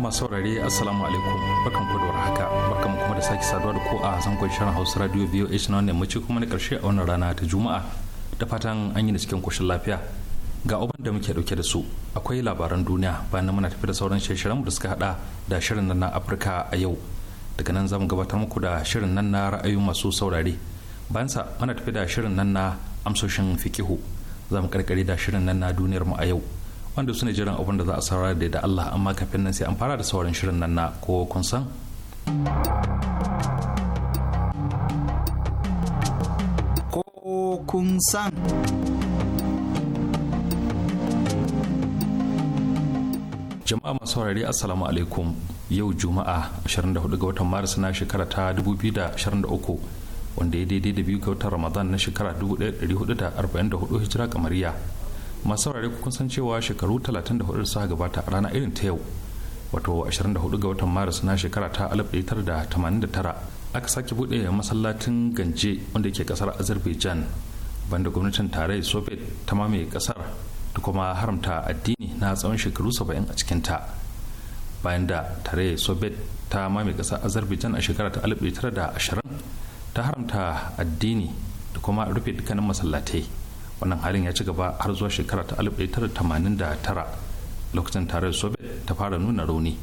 masu saurare assalamu alaikum barkan ku da haka barkan kuma da sake saduwa da ku a zangon shirin hausa radio voh na wannan mace kuma na karshe a wannan rana ta juma'a da fatan an yi da cikin koshin lafiya ga oban da muke dauke da su akwai labaran duniya bayan muna tafi da sauran shirin da suka hada da shirin nan na afirka a yau daga nan zamu gabatar muku da shirin nan na ra'ayoyin masu saurare bayan sa muna tafi da shirin nan na amsoshin fikihu zamu karkare da shirin nan na duniyar mu a yau wanda su ne jiran abin da za a saurara da da Allah amma kafin nan sai an fara da sauran shirin nan na ko kun san. Ko kun san. jama'a masu saurari assalamu alaikum yau juma'a 24 ga watan maris na shekara ta 2023 wanda ya daidai da biyu ga watan ramadan na shekara 1444 hijira kamariya masu saurare kun san cewa shekaru 34 da suka gabata a rana irin ta yau wato 24 ga watan maris na shekara ta 1989 aka sake buɗe masallacin ganje wanda yake kasar azerbaijan banda gwamnatin tarayyar soviet ta mamaye kasar da kuma haramta addini na tsawon shekaru 70 a cikinta bayan da tarayyar soviet ta mamaye kasar azerbaijan a shekara ta 1920 ta haramta addini da kuma rufe dukkanin masallatai wannan halin ya ci gaba har zuwa shekara ta 1989 lokacin tarayyar soviet ta fara nuna rauni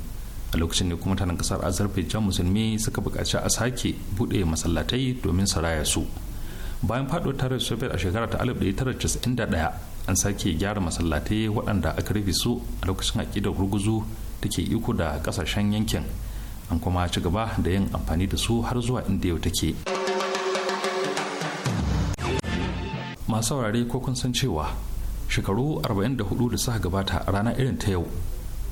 a lokacin ne kuma tanan kasar azerbaijan musulmi suka bukaci a sake buɗe masallatai domin saraya su bayan faɗo tarayyar soviet a shekara ta 1991 an sake gyara masallatai waɗanda aka rufe su a lokacin aƙidar gurguzu da ke iko da kasashen yankin an kuma ci gaba da yin amfani da su har zuwa inda yau take. masu saurare ko kun san cewa shekaru 44 da suka gabata rana irin ta yau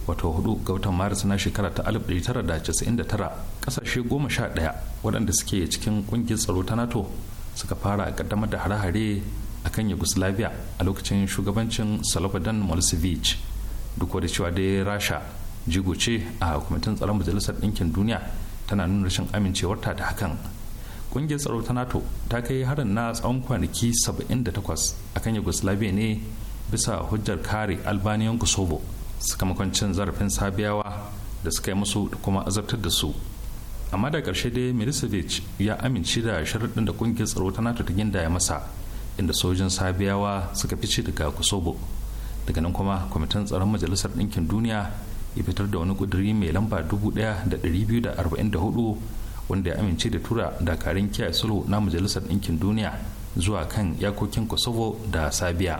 wato hudu ga watan maris na shekara ta 1999 kasashe goma sha ɗaya waɗanda suke cikin ƙungiyar tsaro ta nato suka fara kaddamar da hare-hare a kan yugoslavia a lokacin shugabancin slobodan milosevic duk da cewa dai rasha jigo ce a kwamitin tsaron majalisar ɗinkin duniya tana nuna rashin amincewarta da hakan kungiyar tsaro ta nato ta kai harin na tsawon kwanaki 78 akan yugoslavia ne bisa hujjar kare albaniyan kosovo sakamakon cin zarafin sabiyawa da suka yi musu da kuma azabtar da su amma da ƙarshe dai milicevic ya amince da sharaɗin da kungiyar tsaro ta nato ta ya masa inda sojin sabiyawa suka fice daga kosovo daga nan kuma kwamitin tsaron majalisar ɗinkin duniya ya fitar da wani ƙuduri mai lamba 1244 wanda ya amince da tura dakarun kiyaye sulhu na majalisar ɗinkin duniya zuwa kan yakokin kosovo da sabiya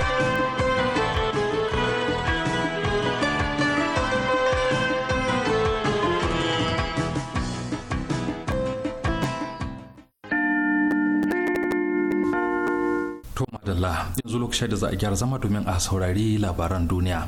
yanzu lokacin da za a gyara zama domin a saurari labaran duniya.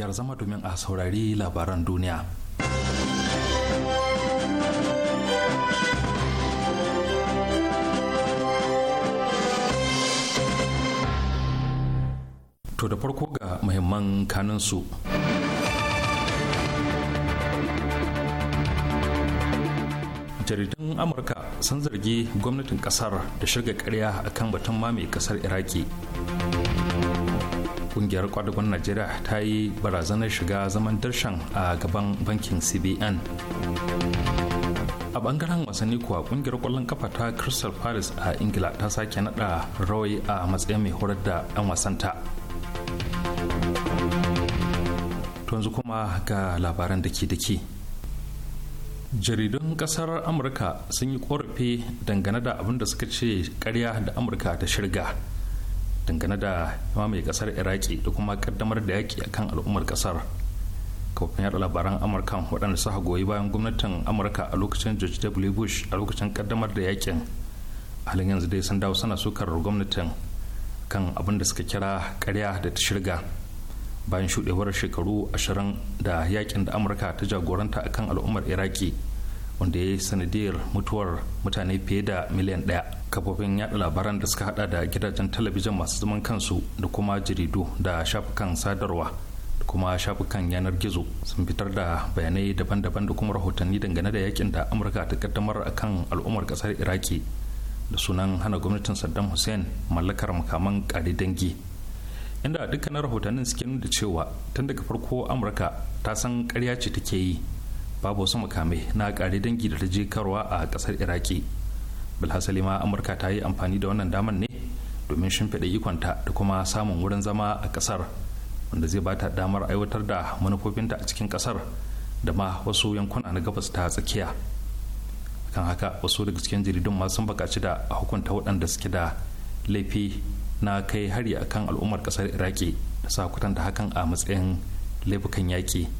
kyar zama domin a saurari labaran duniya. To da farko ga muhimman kanansu. jaridun amurka sun zargi gwamnatin kasar da shirga karya akan batun mamaye kasar iraki kungiyar kwadagon najeriya ta yi barazanar shiga zaman darshan a gaban bankin cbn a bangaren wasanni kuwa kungiyar kwallon kafa ta crystal palace a ingila ta sake nada rawai a matsayin mai horar da 'yan wasanta yanzu kuma ga labaran daki-daki. jaridun kasar amurka sun yi korafi dangane da abin da suka ce karya da amurka ta shirga dangane da mamaye kasar iraki da kuma kaddamar da yaki akan al'ummar kasar kafin yada labaran amurka waɗanda suka goyi bayan gwamnatin amurka a lokacin george w bush a lokacin kaddamar da yakin halin yanzu dai sun dawo suna sukar gwamnatin kan abin da suka kira karya da ta shirga bayan shuɗewar shekaru ashirin da yakin da amurka ta jagoranta akan al'ummar iraki wanda ya yi sanadiyar mutuwar mutane fiye da miliyan ɗaya kafofin yada labaran da suka hada da gidajen talabijin masu zaman kansu da kuma jaridu da shafukan sadarwa da kuma shafukan yanar gizo sun fitar da bayanai daban-daban da kuma rahotanni dangane da yakin da amurka ta kaddamar kan al'ummar kasar iraki da sunan hana gwamnatin saddam hussein mallakar makaman kare dangi inda dukkanin rahotannin suke nuna cewa tun daga farko amurka ta san karya ce take yi babu wasu makamai na kare dangi da ta je karwa a kasar iraki bilhassali ma amurka ta yi amfani da wannan damar ne domin shimfiɗa ikonta da kuma samun wurin zama a kasar wanda zai bata damar aiwatar da manufofinta a cikin kasar da ma wasu yankuna na gabas ta tsakiya kan haka wasu daga cikin jaridun ma sun bukaci da hukunta waɗanda suke da laifi na kai hari akan al'ummar kasar iraki da sa da hakan a matsayin laifukan yaƙi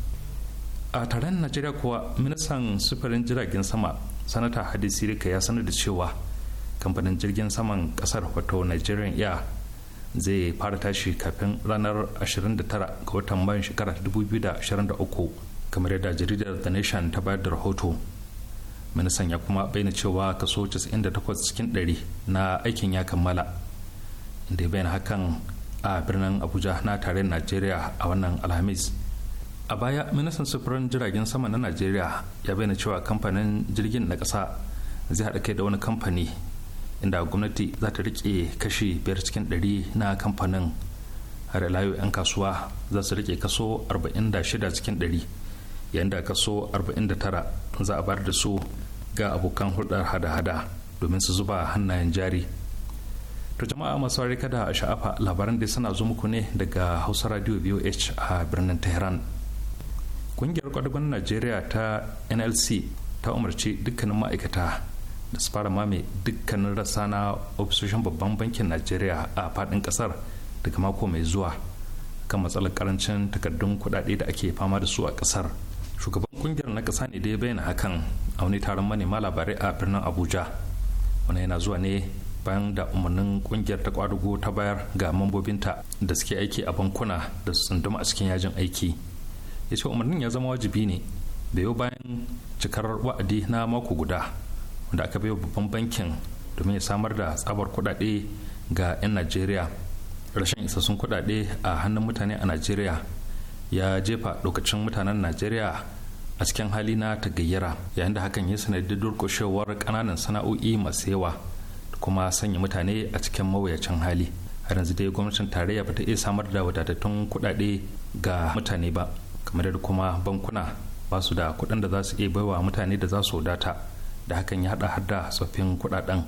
a taron najeriya kuwa ministan sufurin jiragen sama sanata hadisi rika ya sanar da cewa kamfanin jirgin saman kasar wato nigerian air zai fara tashi kafin ranar 29 ga watan mayan shekarar 2023 kamar yadda jaridar the nation ta bayar da rahoto ministan ya kuma bayyana cewa kaso 98 cikin 100 na aikin ya kammala inda ya bayyana hakan a birnin abuja na tarayyar najeriya a wannan alhamis a baya ministan sufurin jiragen sama na najeriya ya bayyana cewa kamfanin jirgin na kasa zai haɗa kai da wani kamfani inda gwamnati za ta rike kashi biyar cikin ɗari na kamfanin har layu 'yan kasuwa za su rike kaso 46 cikin ɗari yayin da kaso 49 za a bayar da su ga abokan hulɗar hada-hada domin su zuba hannayen jari to jama'a masu kada a sha'afa labaran da suna zo muku ne daga hausa radio voh a birnin tehran kungiyar kwadagon najeriya ta nlc ta umarci dukkanin ma'aikata da su fara mame dukkanin rasa na ofisoshin babban bankin najeriya a fadin kasar daga mako mai zuwa kan matsalar karancin takardun kudade da ake fama da su a kasar shugaban kungiyar na kasa ne da ya bayyana hakan a wani taron manema labarai a birnin abuja wani yana zuwa ne bayan da umarnin kungiyar ta kwadugo ta bayar ga mambobinta da suke aiki a bankuna da su tsunduma a cikin yajin aiki ya ce umarnin ya zama wajibi ne da yau bayan cikar wa'adi na mako guda wanda aka bai babban bankin domin ya samar da tsabar kudade ga 'yan najeriya rashin isassun kudade a hannun mutane a najeriya ya jefa lokacin mutanen najeriya a cikin hali na tagayyara yayin da hakan ya sanadi durkushewar kananan sana'o'i masu yawa kuma sanya mutane a cikin mawuyacin hali har yanzu dai gwamnatin tarayya ba ta iya samar da wadatattun kudade ga mutane ba kamar da kuma bankuna ba su da kuɗin da za su iya baiwa mutane da za su wadata da hakan ya hada har da tsoffin kuɗaɗen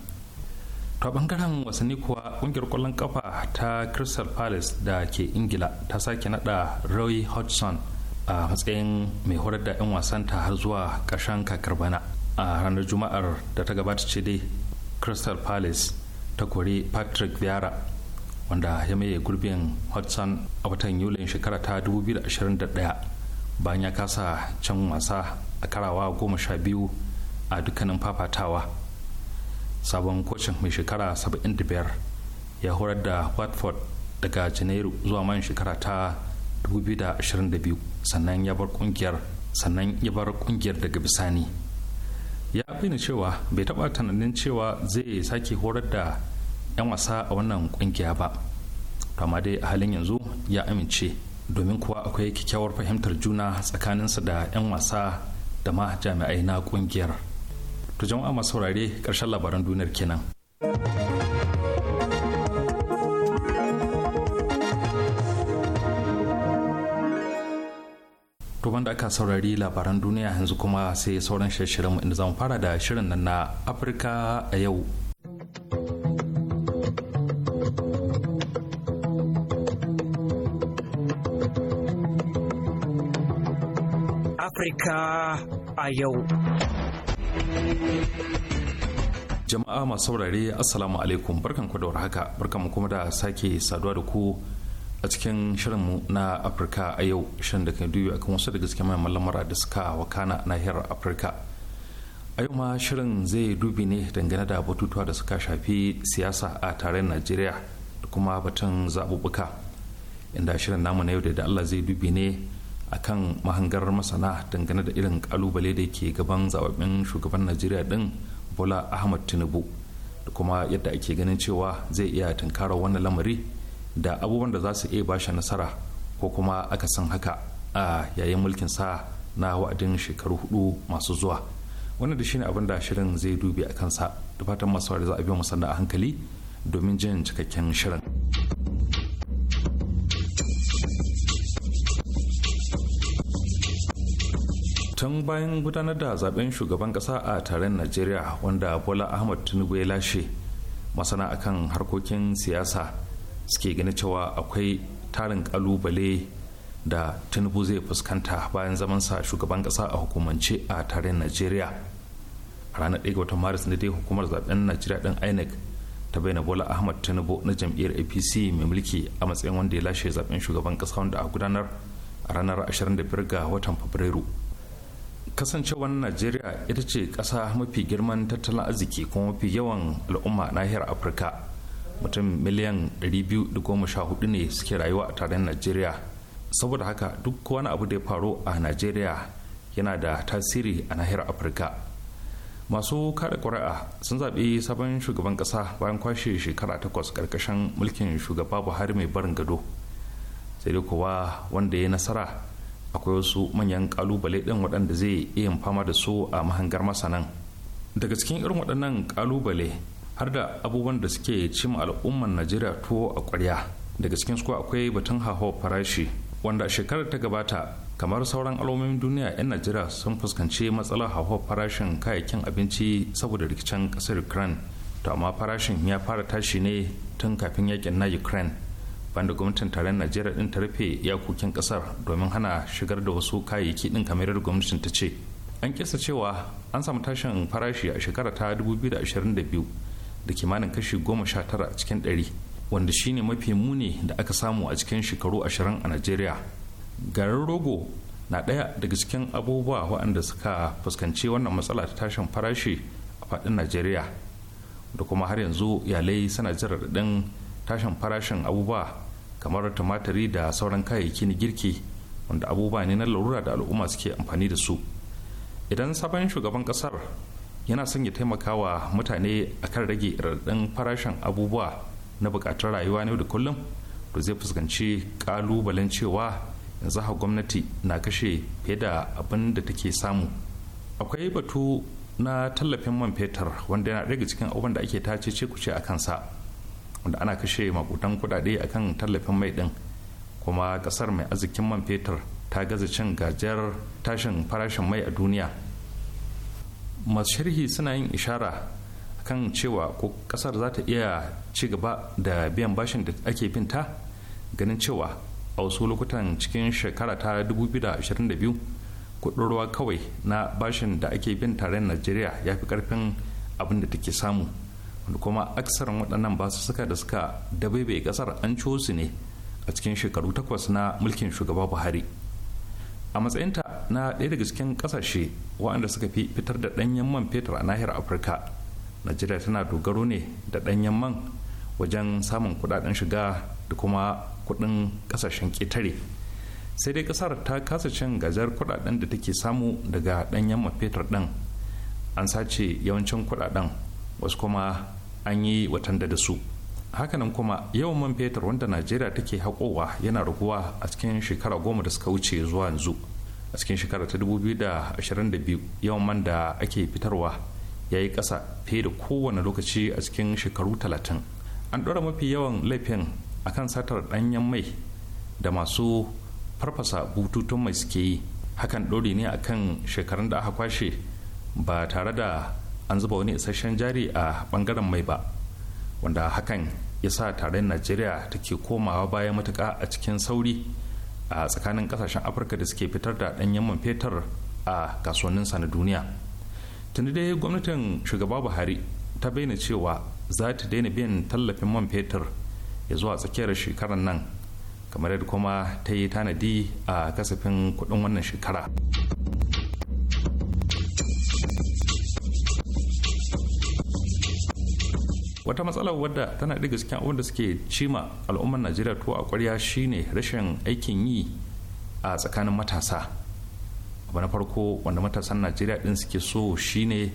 ta bangaren wasanni kuwa kungiyar kwallon kafa ta crystal palace da ke ingila ta sake nada roy hodgson a matsayin mai horar da 'yan wasanta har zuwa ƙarshen kakar bana a ranar juma'ar da ta gabata ce dai crystal palace ta kori patrick biara. wanda ya maye gurbin hudson a watan yulin shekara ta 2021 bayan ya kasa can wasa a karawa goma sha biyu a dukkanin fafatawa sabon kocin mai shekara 75 ya horar da watford daga janairu zuwa man shekara ta 2022 sannan ya bar kungiyar sannan ya bar kungiyar daga bisani ya bayyana cewa bai taɓa tunanin cewa zai sake horar da 'yan wasa a wannan kungiya ba to amma dai a halin yanzu ya amince domin kuwa akwai kyakkyawar fahimtar juna tsakaninsa da 'yan wasa da ma jami'ai na kungiyar to jama'a masu saurare karshen labaran duniyar kenan to wanda aka saurari labaran duniya yanzu kuma sai sauran shirye-shiryenmu inda zamu fara da shirin nan na afirka a yau Afirka a yau. Jama'a masu saurare Assalamu alaikum barkan ku da warhaka barkan mu kuma da sake saduwa da ku a cikin shirinmu na Afirka a yau shirin da kan duyu kan wasu daga cikin mayan lamura da suka wakana nahiyar Afirka. A yau ma shirin zai dubi ne dangane da batutuwa da suka shafi siyasa a tarayyar Najeriya da kuma batun zaɓuɓɓuka inda shirin namu na yau da Allah zai dubi ne akan mahangar masana dangane da irin kalubale da ke gaban zababben shugaban najeriya din bola ahmad tinubu da kuma yadda ake ganin cewa zai iya tunkarar wannan lamari da abubuwan da za su iya bashi nasara ko kuma aka san haka a yayin mulkin sa na wa'adin shekaru hudu masu zuwa wannan da shine abin da shirin zai dubi a kansa da fatan masu za a biyo musamman a hankali domin jin cikakken shirin. tun bayan gudanar da zaben shugaban kasa a taron najeriya wanda bola ahmad tinubu ya lashe masana akan harkokin siyasa suke gani cewa akwai tarin kalubale da tinubu zai fuskanta bayan zamansa shugaban kasa a hukumance a taron najeriya a ranar ga watan maris ne dai hukumar zaben najeriya ɗin inec ta bayyana bola ahmad tinubu na jam'iyyar apc mai mulki a matsayin wanda ya lashe zaben shugaban kasa wanda a gudanar a ranar 25 ga watan fabrairu kasancewar najeriya ita ce ƙasa mafi girman tattalin arziki kuma mafi yawan al'umma nahiyar afirka mutum miliyan 214 ne suke rayuwa a tarihin najeriya saboda haka duk wani abu da ya faru a najeriya yana da tasiri a nahiyar afirka masu kada ƙuri'a sun zaɓi sabon shugaban ƙasa bayan kwashe shekara takwas ƙarƙashin mulkin shugaba buhari mai barin gado sai dai kuwa wanda ya yi nasara akwai wasu manyan kalubale ɗin waɗanda zai iya fama da su a mahangar masanan daga cikin irin waɗannan kalubale har da abubuwan da suke cim al'ummar najeriya tuwo a ƙwarya daga cikin su akwai batun haho farashi wanda a shekarar ta gabata kamar sauran alamomin duniya 'yan najeriya sun fuskanci matsalar haho farashin kayayyakin abinci saboda rikicin ƙasar ukraine to amma farashin ya fara tashi ne tun kafin yakin na ukraine banda gwamnatin taron najeriya din ta rufe iyakokin kasar domin hana shigar da wasu kayayyaki din kamar yadda gwamnatin ta ce an kisa cewa an samu tashin farashi a shekara ta 2022 da kimanin kashi 19 cikin 100 wanda shine mafi muni da aka samu a cikin shekaru 20 a najeriya garin rogo na ɗaya daga cikin abubuwa waɗanda suka fuskanci wannan matsala ta tashin farashi a faɗin najeriya da kuma har yanzu yalai suna jin raɗaɗin tashin farashin abubuwa kamar tumatiri da sauran kayayyaki na girki wanda abubuwa ne na larura da al'umma suke amfani da su idan sabon shugaban kasar yana son ya taimaka wa mutane kan rage raɗaɗin farashin abubuwa na buƙatar rayuwa ne da kullum to zai fuskanci ƙalubalen cewa yanzu ha gwamnati na kashe fiye da abin da take samu akwai batu na tallafin man fetur wanda yana daga cikin abubuwan da ake tace ce kuce a kansa wanda ana kashe makutan kudade kan tallafin mai din kuma kasar mai arzikin man fetur ta gaza cin gajiyar tashin farashin mai a duniya masu sharhi suna yin ishara kan cewa ko kasar za ta iya ci gaba da biyan bashin da ake ta ganin cewa a wasu lokutan cikin shekara ta 2022 kudin ruwa kawai na bashin da ake bin tare najeriya ya fi karfin abin da take samu kuma aksar waɗannan suka da suka dabebe ƙasar an ciwo su ne a cikin shekaru takwas na mulkin shugaba buhari a matsayinta na ɗaya daga cikin ƙasashe waɗanda suka fi fitar da ɗanyen man fetur a nahiyar afirka najeriya tana dogaro ne da ɗanyen man wajen samun kuɗaɗen shiga da kuma kuɗin ƙasashen ƙetare sai dai ƙasar ta kasa cin gajar kuɗaɗen da take samu daga ɗanyen man fetur ɗin an sace yawancin kuɗaɗen wasu kuma an yi watanda da su hakanan kuma yawan man fetur wanda najeriya take haƙowa yana raguwa a cikin shekara goma da suka wuce zuwa yanzu a cikin shekara ta da 2022 yawan man da ake fitarwa ya yi ƙasa fiye da kowane lokaci a cikin shekaru talatin an ɗora mafi yawan laifin a kan satar ɗanyen mai da masu farfasa bututun mai suke yi hakan ɗori ne akan shekarun da aka kwashe ba tare da an zuba wani isasshen jari a bangaren mai ba wanda hakan ya sa tarayyar najeriya ta ke komawa bayan matuka a cikin sauri a tsakanin kasashen afirka da suke fitar da ɗanyen man fetur a kasuwannin kasuwanninsa na duniya tuni dai gwamnatin shugaba buhari ta bayyana cewa za ta daina biyan tallafin man fetur ya zuwa tsakiyar shekarar nan kamar yadda kuma ta yi tanadi a kasafin kuɗin wannan shekara wata matsalar wadda tana ɗiga cikin abin da suke cima al'ummar najeriya to a kwarya shine rashin aikin yi a tsakanin matasa abu na farko wanda matasan najeriya din suke so shine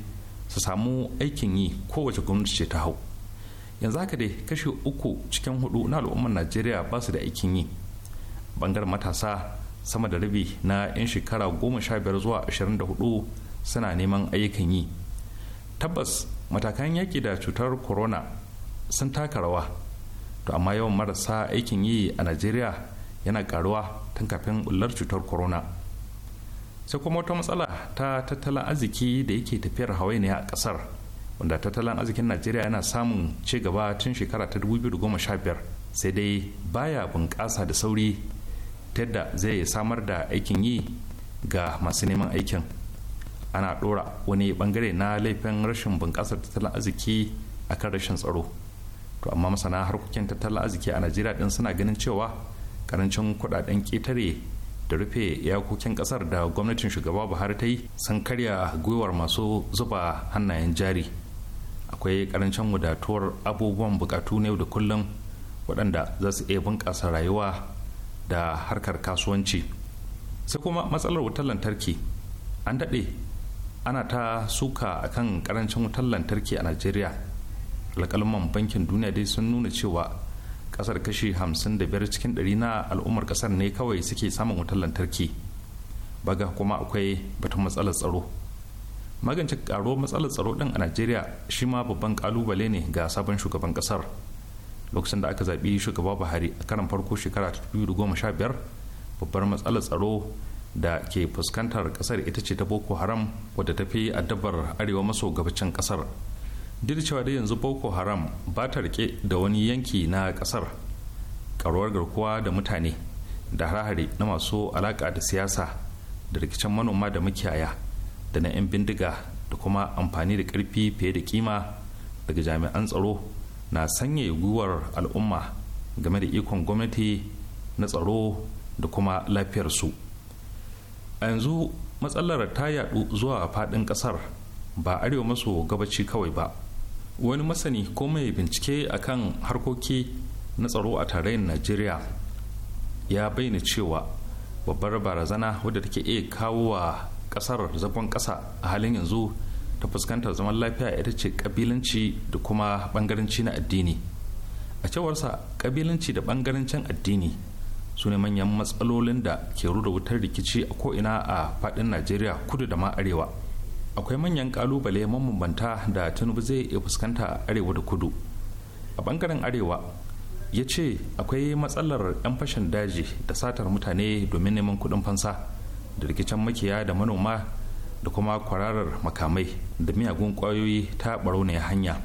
su samu aikin yi kowace gwamnati ce ta hau yanzu haka dai kashi uku cikin hudu na al'ummar najeriya ba su da aikin yi bangaren matasa sama da rabi na 'yan shekara goma sha biyar zuwa ashirin da hudu suna neman ayyukan yi tabbas matakan yaƙi da cutar corona sun taka rawa to amma yawan marasa aikin yi a najeriya yana karuwa tun kafin ƙullar cutar corona sai kuma wata matsala ta tattalin arziki da yake tafiyar ne a kasar wanda tattalin arzikin najeriya yana samun ci gaba tun shekara ta 2015 sai dai baya bunƙasa da sauri ta yadda zai samar da aikin yi ga masu neman aikin ana ɗora wani bangare na laifin rashin bunƙasar tattalin arziki kan rashin tsaro to amma masana harkokin tattalin arziki a najeriya din suna ganin cewa karancin kudaden ƙetare da rufe yakokin ƙasar da gwamnatin shugaba buhari ta yi sun karya gwiwar masu zuba hannayen jari akwai karancin wadatuwar abubuwan bukatu na yau da kullum waɗanda za su iya bunƙasa rayuwa da harkar kasuwanci sai kuma matsalar wutar lantarki an daɗe ana ta suka a kan karancin wutar lantarki a najeriya alƙalman bankin duniya dai sun nuna cewa kasar kashi 55 cikin 100 na al'ummar kasar ne kawai suke samun wutar lantarki baga kuma akwai batun matsalar tsaro magance karo matsalar tsaro din a najeriya shi ma babban kalubale ne ga sabon shugaban kasar lokacin da aka zaɓi shugaba buhari a karan farko shekara ta 2015 babbar matsalar tsaro da ke fuskantar kasar ita ce ta boko haram wadda ta fi addabar arewa maso gabacin kasar duk cewa da yanzu boko haram ba ta rike da wani yanki na kasar karuwar garkuwa da mutane da harahare na masu alaka da siyasa da rikicin manoma da makiyaya da na 'yan bindiga da kuma amfani da karfi fiye da kima daga jami'an tsaro na sanya gwiwar al'umma game da ikon gwamnati na tsaro da kuma lafiyarsu. su a yanzu matsalar ta yadu zuwa faɗin ƙasar ba arewa maso gabaci kawai ba wani masani ko mai bincike a kan harkoki na tsaro a tarayyar najeriya ya bayyana cewa babbar barazana wadda take iya kawo wa ƙasar zagon ƙasa a halin yanzu ta fuskantar zaman lafiya ita ce kabilanci da kuma bangarenci na addini a cewarsa kabilanci da bangarencin addini su ne manyan matsalolin da ke rura wutar rikici a ko'ina a fadin najeriya kudu da ma arewa akwai manyan kalubale mabambanta da tinubu zai iya fuskanta a arewa da kudu a bangaren arewa ya ce akwai matsalar 'yan fashin daji da satar mutane domin neman kudin fansa da rikicin makiya da manoma da kuma kwararar makamai da miyagun kwayoyi ta barauniyar hanya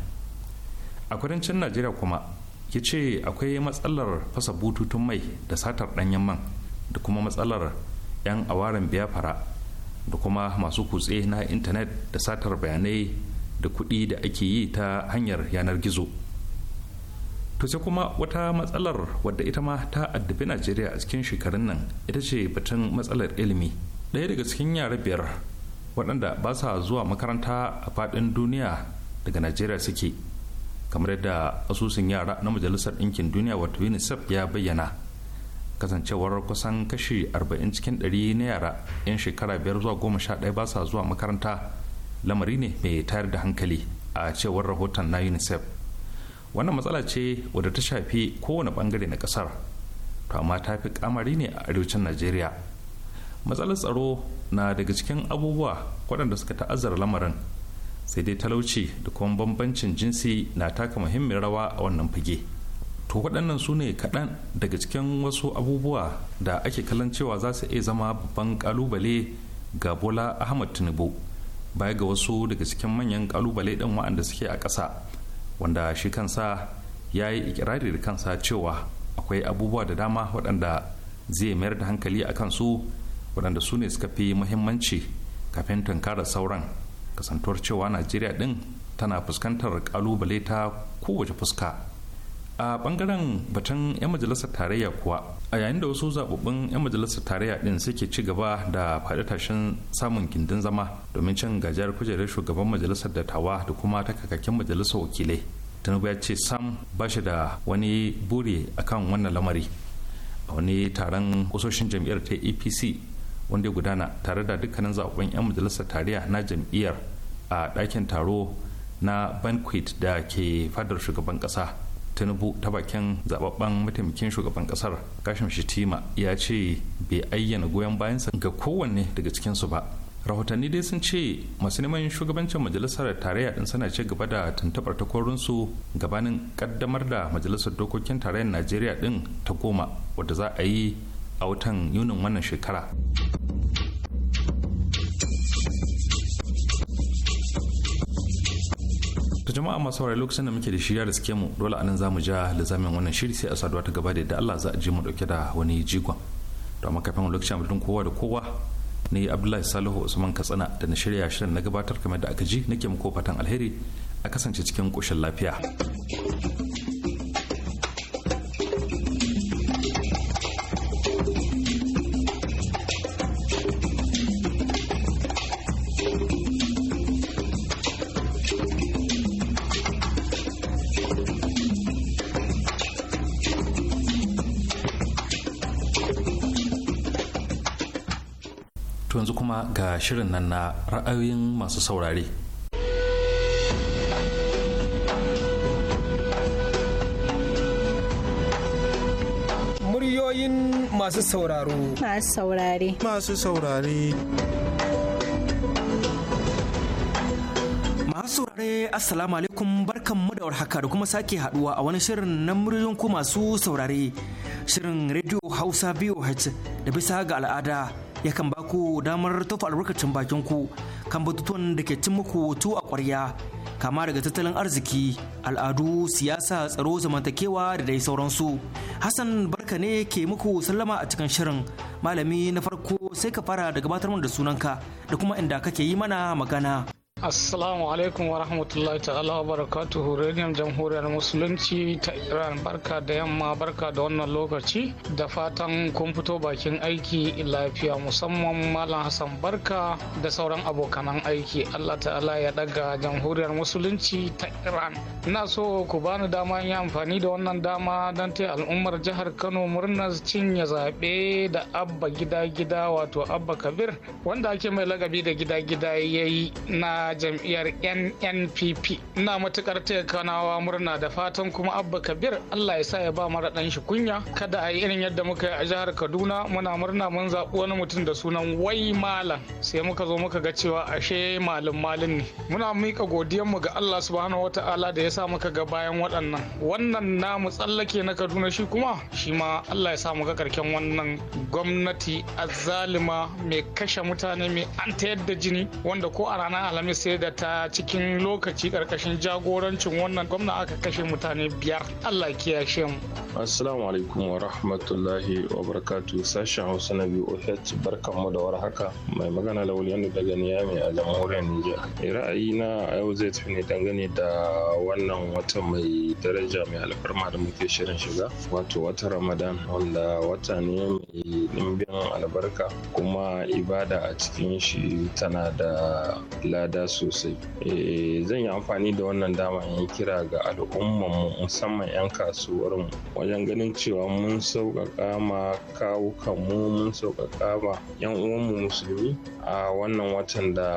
a kudancin najeriya kuma ya ce akwai matsalar fasa bututun mai da satar ɗanyen man da kuma matsalar 'yan awarin biyafara da kuma masu kutse na intanet da satar bayanai da kuɗi da ake yi ta hanyar yanar gizo to sai kuma wata matsalar wadda ita ma ta addabi najeriya a cikin shekarun nan ita ce batun matsalar ilimi ɗaya daga cikin yara biyar waɗanda ba sa zuwa makaranta a faɗin duniya daga najeriya suke kamar yadda asusun yara na majalisar ɗinkin duniya wato unicef ya bayyana kasancewar kusan kashi 40 cikin 100 na yara 'yan shekara biyar zuwa goma 11 ba sa zuwa makaranta lamari ne mai tayar da hankali a cewar rahoton na unicef wannan matsala ce wadda ta shafi kowane bangare na kasar to amma ta fi kamari ne a arewacin najeriya matsalar tsaro na daga cikin abubuwa waɗanda suka ta'azzara lamarin sai dai talauci da kuma bambancin jinsi na taka muhimmin rawa a wannan fage to waɗannan su ne kaɗan daga cikin wasu abubuwa da ake kallon cewa za su iya zama babban ƙalubale ga bola ahmad tinubu baya ga wasu daga cikin manyan ƙalubale ɗin waɗanda suke a ƙasa wanda shi kansa ya yi ikirari da kansa cewa akwai abubuwa da dama waɗanda zai mayar da hankali a kansu waɗanda su ne suka fi muhimmanci kafin tunkarar sauran kasantuwar cewa najeriya din tana fuskantar kalubale ta kowace fuska a bangaren batun 'yan majalisar tarayya kuwa a yayin da wasu zababbun 'yan majalisar tarayya din suke ci gaba da faɗi tashin samun gindin zama domin cin gajiyar kujerar shugaban majalisar dattawa da kuma takakakken majalisar wakilai tinubu ya ce sam ba shi da wani buri akan wannan lamari a wani taron kusoshin jam'iyyar ta apc wanda ya gudana tare da dukkanin zaɓen 'yan majalisar tarayya na jam'iyyar a ɗakin taro na banquet da ke fadar shugaban ƙasa tinubu ta bakin zababben mataimakin shugaban ƙasar kashim shitima ya ce bai ayyana goyon bayansa ga kowanne daga cikinsu ba rahotanni dai sun ce masu neman shugabancin majalisar tarayya din suna ci gaba da tuntubar takwarorinsu gabanin kaddamar da majalisar dokokin tarayyar najeriya din ta goma wadda za a yi a watan yunin wannan shekara to jama'a masu saurari lokacin da muke da shirya da suke mu dole anan mu ja lizamin wannan shiri sai a saduwa ta gaba da Allah za a je mu dauke da wani jigon to amma kafin lokacin mutum kowa da kowa ne Abdullahi Salihu Usman Katsina da na shirya shirin na gabatar kamar da aka ji nake muku fatan alheri a kasance cikin koshin lafiya. yanzu kuma ga shirin nan na ra'ayoyin masu saurare. Muryoyin masu sauraro. Masu saurare. Masu saurare. Masaurare assalamu alaikum barkanmu da warhaka da kuma sake haduwa a wani shirin na muryoyin ku masu saurare shirin radio hausa voh da bisa ga al'ada yakan ba ku damar tofa albarkacin bakin ku kan batutuwan da ke cin muku tu a kwarya kama daga tattalin arziki al'adu siyasa tsaro zamantakewa da dai sauransu hassan barka ne ke muku sallama a cikin shirin malami na farko sai ka fara da gabatar da sunanka da kuma inda kake yi mana magana Assalamu alaikum wa rahmatullahi ta'ala wa barakatuhu rediyon jamhuriyar musulunci ta Iran barka da yamma barka da wannan lokaci da fatan kun fito bakin aiki lafiya musamman Malam Hassan barka da sauran abokanan aiki Allah ta'ala ya daga jamhuriyar musulunci ta Iran. Ina so ku bani dama in yi amfani da wannan dama don ta al'ummar jihar Kano murnar cinye zaɓe da abba gida gida wato abba kabir wanda ake mai lagabi da gida gida yayi na a jam'iyyar nnpp ina matukar taya kanawa murna da fatan kuma abba kabir allah ya sa ya ba mara dan shi kunya kada a yi irin yadda muka yi a jihar kaduna muna murna mun zaɓi wani mutum da sunan wai malam sai muka zo muka ga cewa ashe malam malin ne muna miƙa godiyanmu ga allah subhanahu wataala da ya sa muka ga bayan waɗannan wannan namu tsallake na kaduna shi kuma shi ma allah ya sa muka karken wannan gwamnati azzalima mai kashe mutane mai an ta yadda jini wanda ko a ranar alhamis sai da ta cikin lokaci karkashin jagorancin wannan gwamna aka kashe mutane biyar allah kiyashe mu assalamu alaikum wa rahmatullahi wa barakatu sashen hausa na biyu barkan mu da war haka mai magana da wuliyanu daga niyami a jamhuriyar niger eh, ra'ayi na a yau zai tafi ne dangane da wannan wata mai daraja mai alfarma da muke shirin shiga wato wata ramadan wanda wata ne mai dimbin albarka kuma ibada a cikin shi tana da lada sosai eh, zan yi amfani da wannan dama in kira ga al'ummar mu musamman 'yan kasuwar mu. wajen ganin cewa mun sauƙaƙa ma kawukan mu mun sauƙaƙa ma 'yan uwan mu musulmi a wannan watan da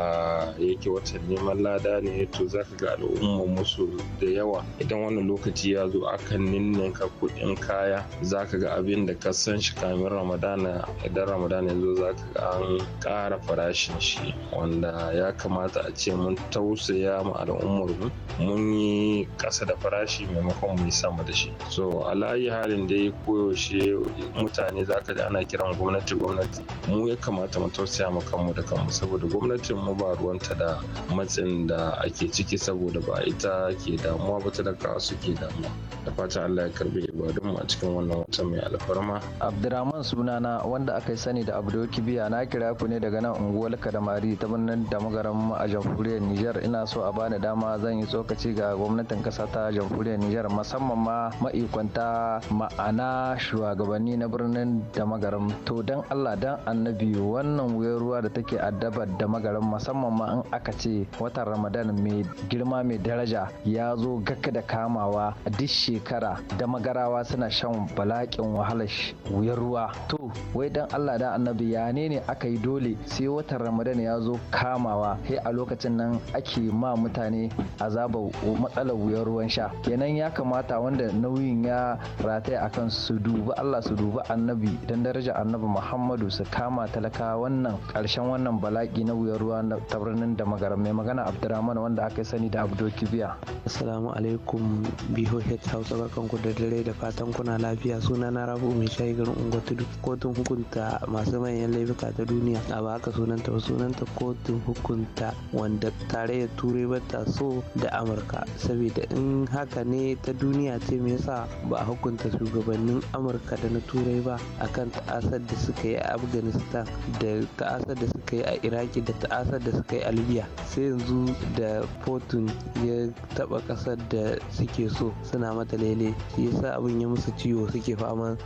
yake watan neman lada ne to za ka ga al'umman musu da yawa idan wannan lokaci ya zo akan ninninka kuɗin kaya za ka ga abin da ka san shi kamin ramadana idan ramadana ya zo za ka ga an ƙara farashin shi wanda ya kamata a ci. ce mun tausaya mu al'ummar mu mun yi ƙasa da farashi maimakon mu yi sama da shi so a layi halin da ya koyaushe mutane za ka ji ana kiran gwamnati gwamnati mu ya kamata mu tausaya mu kanmu da kanmu saboda gwamnatin mu ba ruwanta da matsin da ake ciki saboda ba ita ke damuwa ba su ke damuwa da fatan Allah ya karbe ibadun mu a cikin wannan wata mai alfarma Abdurrahman sunana wanda aka sani da Abdul Kibiya na kira ku ne daga nan unguwar Kadamari ta birnin Damagaram a Jamhuriyar jamhuriyar Nijar ina so a bani dama zan yi tsokaci ga gwamnatin kasa ta jamhuriyar Nijar musamman ma ma'ikwanta ma'ana shugabanni na birnin da magaram to dan Allah dan annabi wannan wuyar ruwa da take addabar da magaram musamman ma in aka ce watan Ramadan mai girma mai daraja ya zo gaka da kamawa duk shekara da magarawa suna shan balakin wahalar wuyar ruwa to wai dan Allah dan annabi ya ne ne aka yi dole sai watan Ramadan ya zo kamawa sai a lokacin lokacin nan ake ma mutane azaba matsalar wuyar ruwan sha kenan ya kamata wanda nauyin ya rataya akan su dubi Allah su dubi annabi don daraja annabi Muhammadu su kama talaka wannan karshen wannan bala'i na wuyar ruwa ta birnin da magaram mai magana Abdurrahman wanda aka sani da Abdo Kibiya. Assalamu alaikum House Hausa barkanku da dare da fatan kuna lafiya suna na Rabu mai shayi garin Ungo Tudu kotun hukunta masu manyan laifuka ta duniya a ba haka sunanta ba sunanta kotun hukunta wanda tarayyar turai ba ta so da amurka saboda in haka ne ta duniya ce me yasa ba a hukunta shugabannin amurka da na turai ba akan ta'asar da suka yi a afghanistan da ta'asar da suka yi a iraki da ta'asar da suka yi a libya sai yanzu da fortune ya taba kasar da suke so suna mata lele ya yasa abin ya musu ciwo suke fama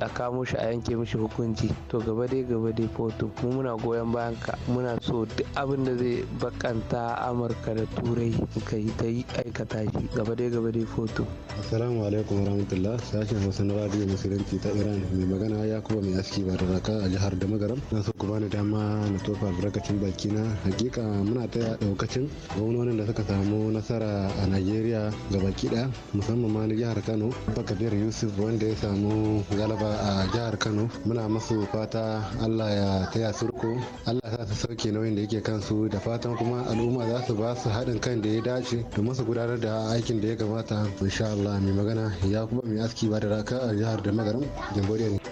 a kamo shi a yanke mishi hukunci to gaba dai gaba dai fortune mu muna goyon bayan ka muna so duk abin da zai bakanta amurka da turai suka yi ta yi aikata shi gaba dai gaba dai foto assalamu alaikum warahmatullah sashen hausa na radio musulunci ta iran mai magana ya kuma mai aski ba da raka a jihar da magaram na so ku bani dama na tofa albarkacin baki na hakika muna taya daukacin gwamnonin da suka samu nasara a najeriya ga baki daya musamman ma na jihar kano bakabir yusuf wanda ya samu galaba a jihar kano muna masu fata allah ya taya surko allah sa su sauke nauyin da yake kansu da fata fatan kuma al'umma za su ba su haɗin kan da ya dace domin su gudanar da aikin da ya kamata insha Allah mai magana ya kuma mai aski ba da raka a jihar da magaram ne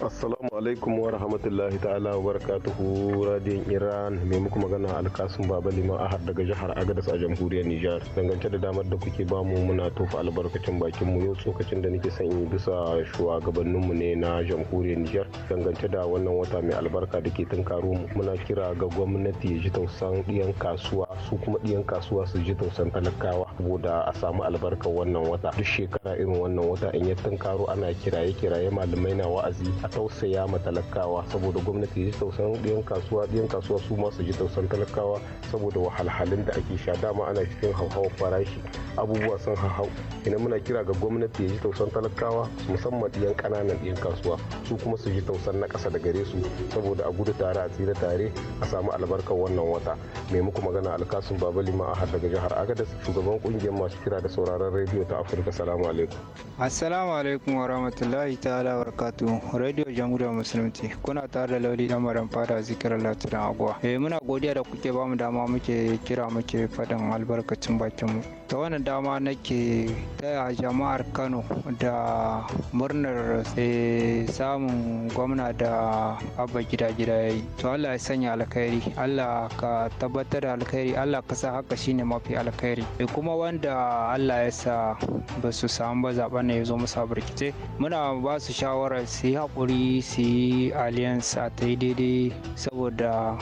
assalamu alaikum wa rahmatullahi ta'ala wa barakatuhu radiyon iran mai muku magana alkasun baba liman har daga jihar agadas a jamhuriyar nijar dangance da damar da kuke bamu muna tofa albarkacin bakin mu yau tsokacin da nake son bisa shugabanninmu ne na jamhuriyar nijar dangance da wannan wata mai albarka da ke tunkaro mu muna kira ga gwamnati ya ji tausan ɗiyan kasuwa su kuma ɗiyan kasuwa su ji tausan talakawa saboda a samu albarkar wannan wata duk shekara irin wannan wata in ya tankaro ana kiraye kiraye malamai na wa'azi a tausaya ma talakawa saboda gwamnati ji tausan ɗiyan kasuwa ɗiyan kasuwa su ma su ji tausan talakawa saboda wahalhalun da ake sha dama ana cikin hauhawar farashi abubuwa sun hauhau ina muna kira ga gwamnati ya ji tausan talakawa musamman ɗiyan ƙananan ɗiyan kasuwa su kuma su ji tausan na ƙasa da gare su saboda a gudu tare a tsira tare a samu albarkar wannan wata maimakon magana alkasun babali ma'ahar daga jihar agadas shugaban kungiyar masu kira da sauraron rediyo ta afirka salamu alaikum assalamu alaikum wa rahmatullahi ta'ala wa barakatu rediyo jamhuriyar musulunci kuna tare da lauli dan maran fada zikirar latinan agwa eh muna godiya da kuke bamu dama muke kira muke faɗin albarkacin bakin mu ta wani dama nake taya jama'ar kano da murnar samun gwamna da abba gida gida ya yi to allah ya sanya alkhairi allah ka tabbatar da alkhairi allah ka sa haka shine mafi alkhairi da eh, kuma wanda allah ya sa ba su samu ba zaɓa ne ya zo musu birkice muna ba su shawarar su yi haƙuri su yi alliance a ta yi daidai saboda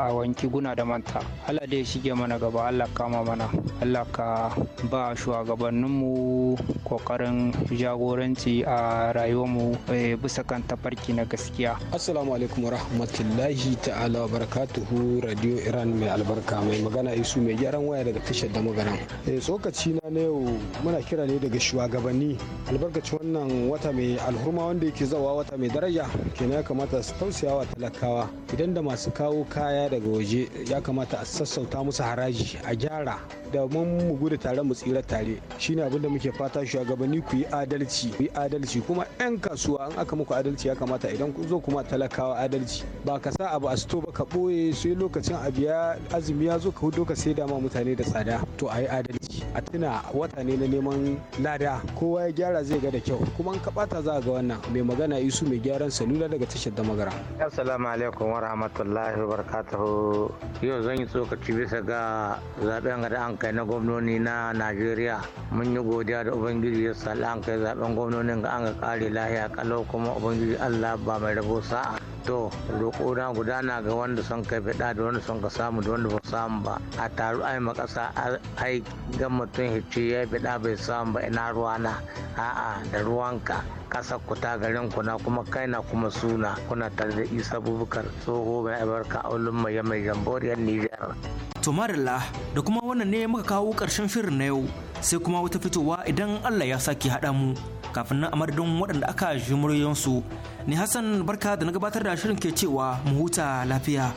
a wanki guna da manta allah da ya shige mana gaba allah kama mana Allah ka ba shugabanninmu kokarin jagoranci a rayuwarmu eh, bisa kan tafarki na gaskiya. Assalamu alaikum rahmatullahi ta'ala wa barakatuhu Radio Iran mai albarka mai magana isu mai gyaran waya daga tashar da magana. Eh, tsokaci na yau muna kira ne daga shugabanni albarkaci wannan wata mai alhurma wanda yake zawa wata mai daraja kenan ya kamata su tausaya wa talakawa idan da masu kawo kaya daga waje ya kamata a sassauta musu haraji a gyara da domin mu gudu tare mu tsira tare shine abin da muke fata shugabanni ku yi adalci ku yi adalci kuma 'yan kasuwa an aka muku adalci ya kamata idan kun zo kuma talakawa adalci ba ka sa abu a sito ba ka boye sai lokacin abu ya azumi ya zo ka hudu ka sai dama mutane da tsada to a yi adalci a tuna wata ne na neman lada kowa ya gyara zai ga da kyau kuma in ka bata za ga wannan mai magana isu mai gyaran salula daga tashar da magara assalamu alaikum wa rahmatullahi wa barakatuhu yau zan yi tsokaci bisa ga zaben da an kai na gwamnoni na najeriya mun yi godiya da ubangiji ya sa an kai zaben gwamnonin ga an ga kare lahiya kalau kuma ubangiji allah ba mai rabo sa'a to roƙo na gudana ga wanda son kai fiɗa da wanda son ka samu da wanda ba samu ba a taru ai makasa ai ga mutum hicci ya fiɗa bai samu ba ina ruwa na a'a da ruwanka kasa kuta garin ku na kuma na kuma suna kuna tare da isa bubukar tsoho mai abarka a ulun mai mai jamboriyar nijar Tomarilla da kuma wannan ne muka kawo ƙarshen shirin na yau sai kuma wata fitowa idan Allah ya sake haɗa mu kafin nan a madadin waɗanda aka ji muryoyinsu. Ni Hassan barka da na gabatar da shirin ke cewa mu huta lafiya.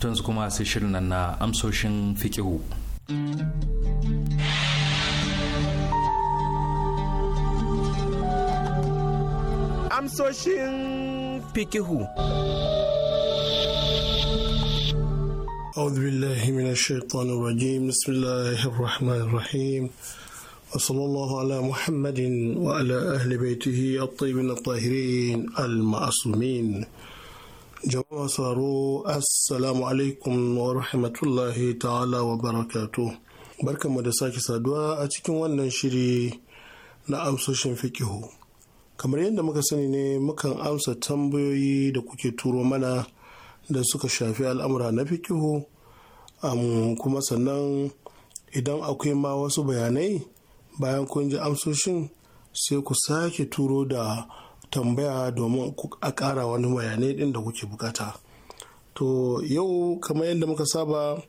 yanzu kuma sai shirin nan na amsoshin fikihu. Amsoshin fikihu. أعوذ بالله من الشيطان الرجيم بسم الله الرحمن الرحيم وصلى الله على محمد وعلى أهل بيته الطيبين الطاهرين المعصومين جماعة صاروا السلام عليكم ورحمة الله تعالى وبركاته بركة مدساك سادوا أتكم وننشري na amsoshin fikihu kamar yadda muka sani ne mukan amsa tambayoyi da kuke turo mana da suka shafi al'amura na fikihu kuma sannan idan akwai ma wasu bayanai bayan kun ji amsoshin sai ku sake turo da tambaya domin a ƙara wani bayanai ɗin da kuke bukata to yau kamar yadda muka saba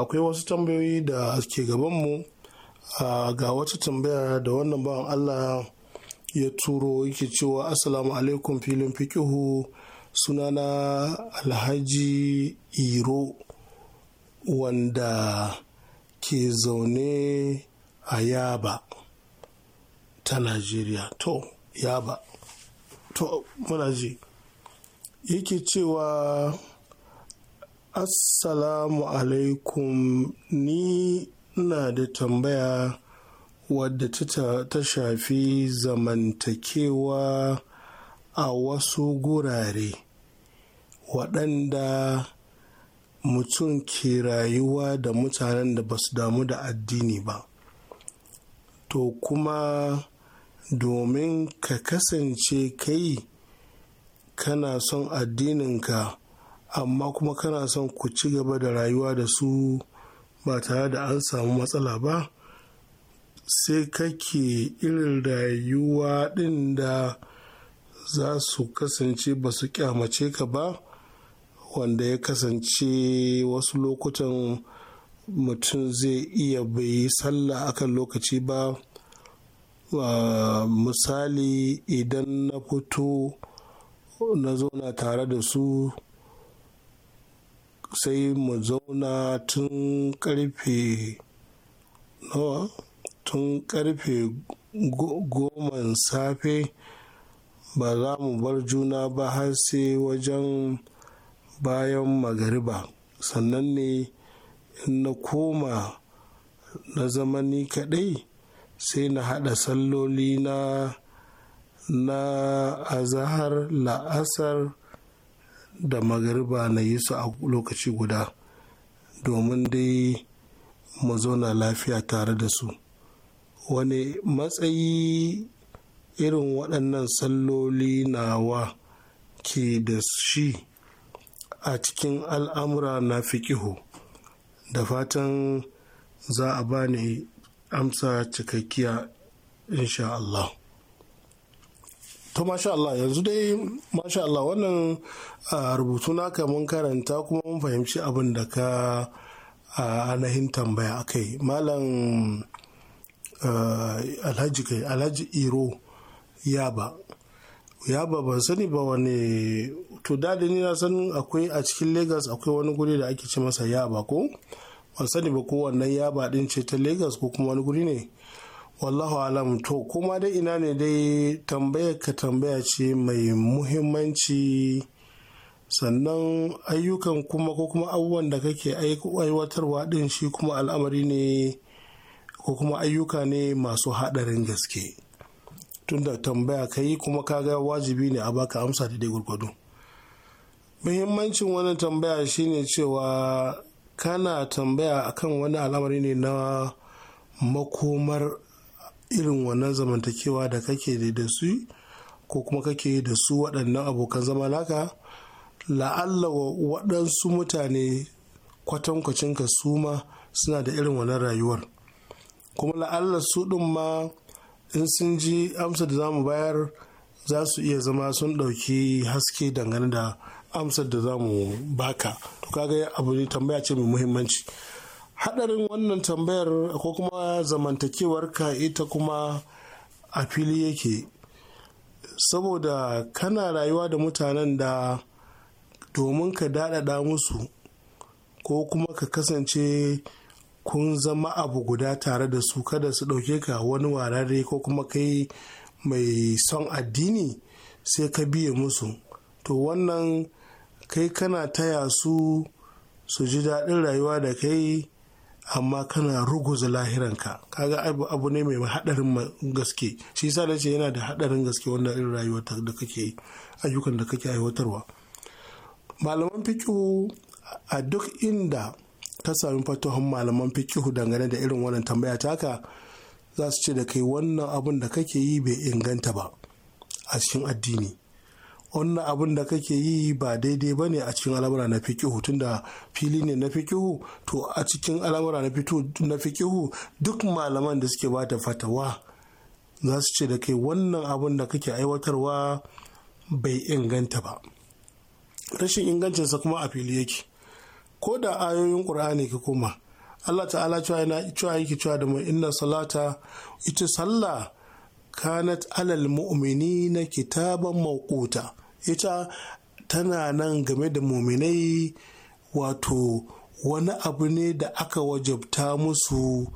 akwai wasu tambayoyi da ke gabanmu ga wata tambaya da wannan bawan allah ya turo yake cewa assalamu alaikum filin fikihu sunana alhaji iro wanda ke zaune a yaba ta najeriya to yaba to muna ji yake cewa assalamu alaikum ni na da tambaya wadda ta shafi zamantakewa a wasu gurare waɗanda mutum ke rayuwa da mutanen da ba su damu da addini ba to kuma domin ka kasance kai kana son addininka amma kuma kana son ku ci gaba da rayuwa da su ba tare da an samu matsala ba sai kake irin rayuwa ɗin da za su kasance ba su kyamace ka ba wanda ya kasance wasu lokutan mutum zai iya bai sallah akan lokaci ba misali idan na fito na zauna tare da su sai mu zauna tun karfe nawa tun karfe goman safe ba za mu bar juna ba har sai wajen bayan magariba sannan ne in na koma na zama ni kaɗai sai na hada salloli na na azahar la'asar da magariba na yi su a lokaci guda domin dai mu zauna lafiya tare da su. wani matsayi irin waɗannan salloli nawa ke da shi a cikin al'amura na fikihu da fatan za a ba ni amsa cikakkiya insha Allah. to masha Allah yanzu dai masha Allah wannan rubutu naka mun karanta kuma mun fahimci abin da ka nahin tambaya akai malam Eh, alhaji kai alhaji iro yaba yaba ban sani ba wani to dadi ni na san akwai a cikin lagos akwai wani guri da ake ce masa yaba ko ban sani ba ko wannan yaba din ce ta lagos ko kuma wani guri ne wallahu alam to kuma dai ina ne dai tambayar ka tambaya ce mai muhimmanci sannan ayyukan kuma ko kuma abubuwan da kake aiwatarwa din shi kuma al'amari ne ko kuma ayyuka ne masu haɗarin gaske tunda tambaya ka yi kuma ga wajibi ne a baka amsa da dai gwargwado muhimmancin wannan tambaya shine cewa kana tambaya kan wani al'amari ne na makomar irin wannan zamantakewa da kake da su ko kuma kake da su waɗannan abokan zama naka la'alla waɗansu mutane kwatankwacinka su ma suna da irin wannan rayuwar kuma la'allar su ɗin ma in sun ji amsa da zamu bayar za su iya zama sun ɗauki haske dangane da amsar da za mu baka to kaga abu ne tambaya ce mai muhimmanci hadarin wannan tambayar ko kuma zamantakewar ka ita kuma a fili yake saboda kana rayuwa da mutanen da domin ka daɗaɗa musu ko kuma ka kasance kun zama abu guda tare da su kada su ɗauke ka wani warare ko kuma kai mai son addini sai ka biya musu to wannan kai kana taya su su ji daɗin rayuwa da kai amma kana ruguza lahiranka kaga abu ne mai haɗarin gaske shi yasa nace yana da haɗarin gaske wanda irin rayuwar da kake ayyukan da kake aiwatarwa malaman fiƙo a duk inda Ta sami fatohin malaman fikihu dangane da irin wannan tambaya taka za su ce da kai wannan abin da kake yi bai inganta ba a cikin addini wannan abin da kake yi ba daidai ba ne a cikin al'amura na fikihu tunda fili ne na fikihu to a cikin al'amura na fikihu duk malaman da suke ba da fatawa za su ce da kai wannan abin da kake aiwatarwa bai inganta ba rashin ingancinsa kuma a fili yake ko da ayoyin ƙur'ani ki koma Allah ta'ala cewa yana cewa yake cewa da mai inna salata ita sallah kanat alal mu'mini na kitaban mawquta ita tana nan game da muminai wato wani abu ne da aka wajabta musu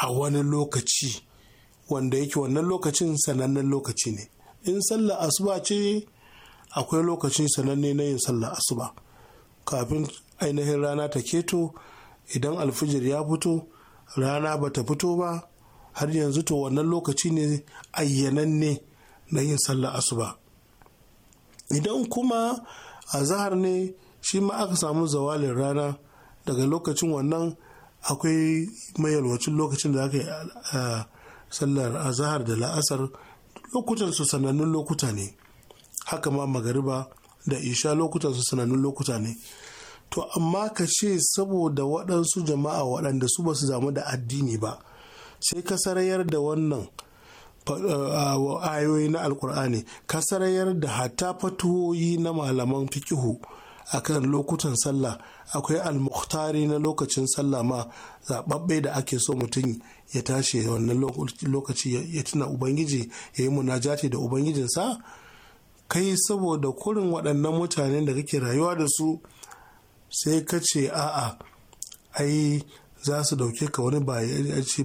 a wani lokaci wanda yake wannan lokacin sanannen lokaci ne in sallah asuba ce akwai lokacin sananne na yin sallah asuba kafin ainihin rana ta keto idan alfijir ya fito rana ba ta fito ba har yanzu to wannan lokaci ne ayyananne na yin sallar asuba idan kuma a zahar ne shi ma aka samu zawalin rana daga lokacin wannan akwai mayalwacin lokacin da aka yi sallar azahar da la'asar lokutan su sanannun lokuta ne haka ma magariba da isha lokutan su sanannun lokuta ne to amma ka ce saboda waɗansu jama'a waɗanda su ba su zamu da addini ba sai ka sarayar da wannan eh, ayoyi na alkur'ani ka sarayar da hatta fatuwoyi na malaman fikihu kan lokutan sallah akwai almuktari na lokacin sallah ma zaɓaɓɓe da ake so mutum ya tashi wannan lokaci ya tuna ubangiji ya yi munajati da ubangijinsa kai saboda kurin waɗannan mutanen da kake rayuwa da su sai ka ce a'a ai za su dauke ka wani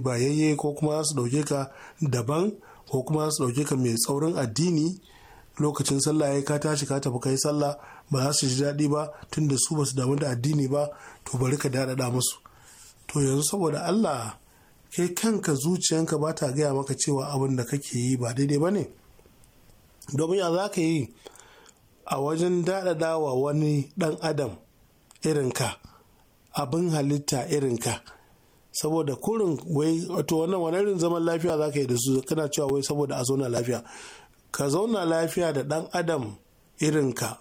bayayye ko kuma za su dauke ka daban ko kuma za su dauke ka mai tsaurin addini lokacin sallah ya ka tashi ka tafi kai sallah ba za su ji daɗi ba tun da su ba su damu da addini ba to bari ka daɗaɗa musu to yanzu saboda Allah kai kanka zuciyanka ba ta gaya maka cewa abin da kake yi ba daidai ba ne domin ya za ka yi a wajen daɗaɗa wa wani ɗan adam irinka abin halitta irinka saboda kurin wai wato wannan wani irin zaman lafiya za ka yi da su kana cewa wai saboda a zauna lafiya ka zauna lafiya da ɗan adam irinka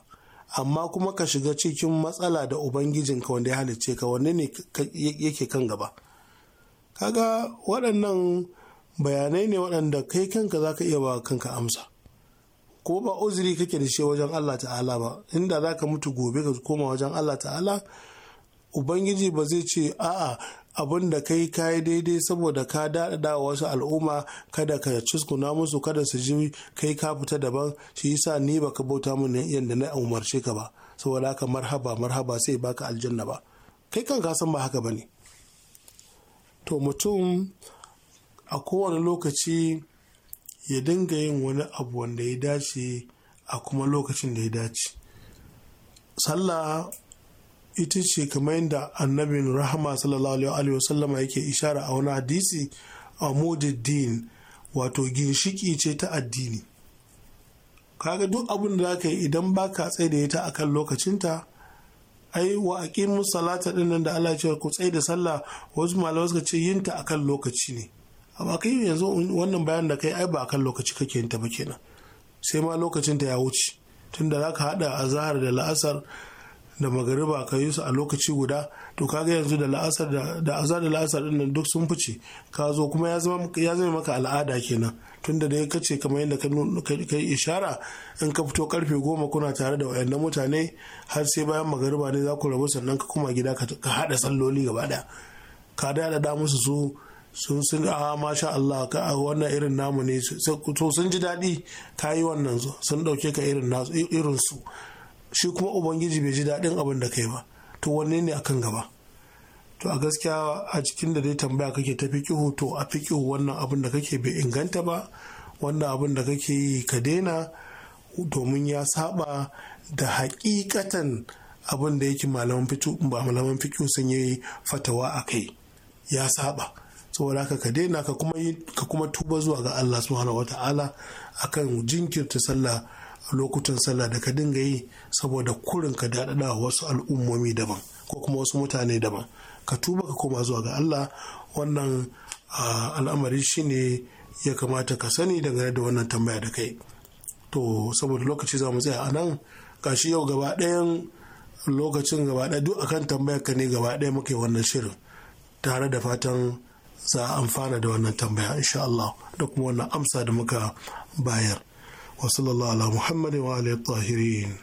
amma kuma ka shiga cikin matsala da ubangijinka wanda ya halicce ka wanne ne yake kan gaba kaga waɗannan bayanai ne waɗanda kai kanka za ka iya ba kanka amsa ko ba uzuri kake da shi wajen Allah ta'ala ba inda za ka mutu gobe ka koma wajen Allah ta'ala ubangiji ba zai ce a'a abin da kai kayi daidai saboda ka daɗa wasu al'umma kada ka cuskuna musu kada su ji kai ka fita daban shi yasa ni baka bauta mun yadda na umarce ka ba saboda haka marhaba marhaba sai baka aljanna ba kai kan ka san ba haka bane to mutum a kowane lokaci ya dinga yin wani abu wanda ya dace a kuma lokacin da ya dace sallah ita ce kamar yadda annabin rahama sallallahu alaihi wasallama yake ishara a wani hadisi a din wato ginshiki ce ta addini kaga duk abin da zaka yi idan baka tsaye da ita akan lokacinta ai wa aqimu salata din da Allah ya ce ku tsaye da sallah wasu malamai suka ce yinta akan lokaci ne amma kai yanzu wannan bayan da kai ai ba kan lokaci kake yin ta ba kenan sai ma lokacin ta ya wuce tunda zaka hada azahar da la'asar da magariba ka yi su a lokaci guda to kaga yanzu da la'asar da azar da la'asar din nan duk sun fice ka zo kuma ya zama ya zama maka al'ada kenan tunda da ka ce kamar yadda ka yi ishara in ka fito karfe goma kuna tare da wayannan mutane har sai bayan magariba ne za ku rabu sannan ka kuma gida ka hada salloli gaba daya ka da musu su sun sun a masha Allah ka wannan irin namu ne to sun ji daɗi ka yi wannan sun ɗauke ka irin irin su shi kuma ubangiji bai ji daɗin abin da kai ba to wanne ne akan gaba to a gaskiya a cikin da dai tambaya kake ta fiƙihu to a fiƙihu wannan abin da kake bai inganta ba wannan abin da kake yi ka daina domin ya saba da hakikatan abin da yake malaman fiƙihu sun yi fatawa a kai ya saba saboda haka ka daina ka kuma yi ka kuma tuba zuwa ga Allah subhanahu wata'ala akan jinkirta sallah lokutan sallah da ka dinga yi saboda kurin ka daɗaɗa wasu al'ummomi daban ko kuma wasu mutane daban ka tuba ka koma zuwa ga Allah wannan al'amari shine ya kamata ka sani dangane da wannan tambaya da kai to saboda lokaci za mu tsaya a nan kashi yau gaba ɗayan lokacin gaba ɗaya duk akan tambayar ka ne gaba ɗaya muke wannan shirin tare da fatan za a amfana da wannan tambaya insha Allah da kuma wannan amsa da muka bayar wa ala muhammadin wa alihi tahirin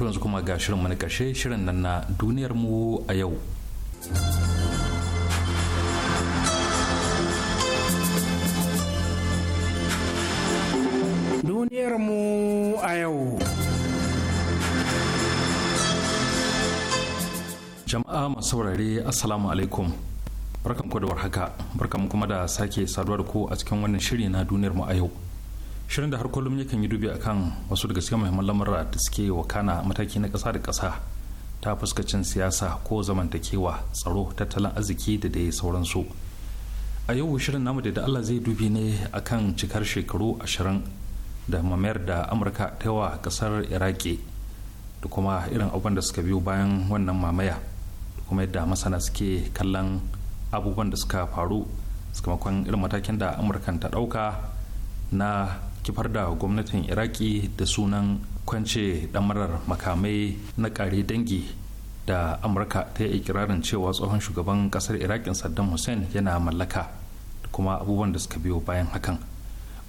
yanzu kuma ga shirin mana karshe shirin nan na duniyar mu a yau. Duniyarmu a yau. Jama'a masu saurare Assalamu alaikum. Barkan ku da warhaka, barkan kuma da sake saduwa da ku a cikin wannan shiri na duniyar mu a yau. Shirin da har kullum yakan yi dubi akan wasu daga cikin muhimman lamura da suke wakana mataki na ƙasa da kasa. ta fuskacin siyasa ko zamantakewa tsaro tattalin arziki da dai sauransu a yau shirin namu da allah zai dubi ne akan cikar shekaru ashirin da mamayar da amurka ta yawa kasar iraki da kuma irin abubuwan da suka biyo bayan wannan mamaya da kuma yadda masana suke kallon abubuwan da suka faru sakamakon irin matakin da amurkan ta ɗauka na kifar da gwamnatin iraki da sunan kwance ɗamarar makamai na ƙare dangi da amurka ta yi ikirarin cewa tsohon shugaban ƙasar iraƙin saddam hussein yana mallaka da kuma abubuwan da suka biyo bayan hakan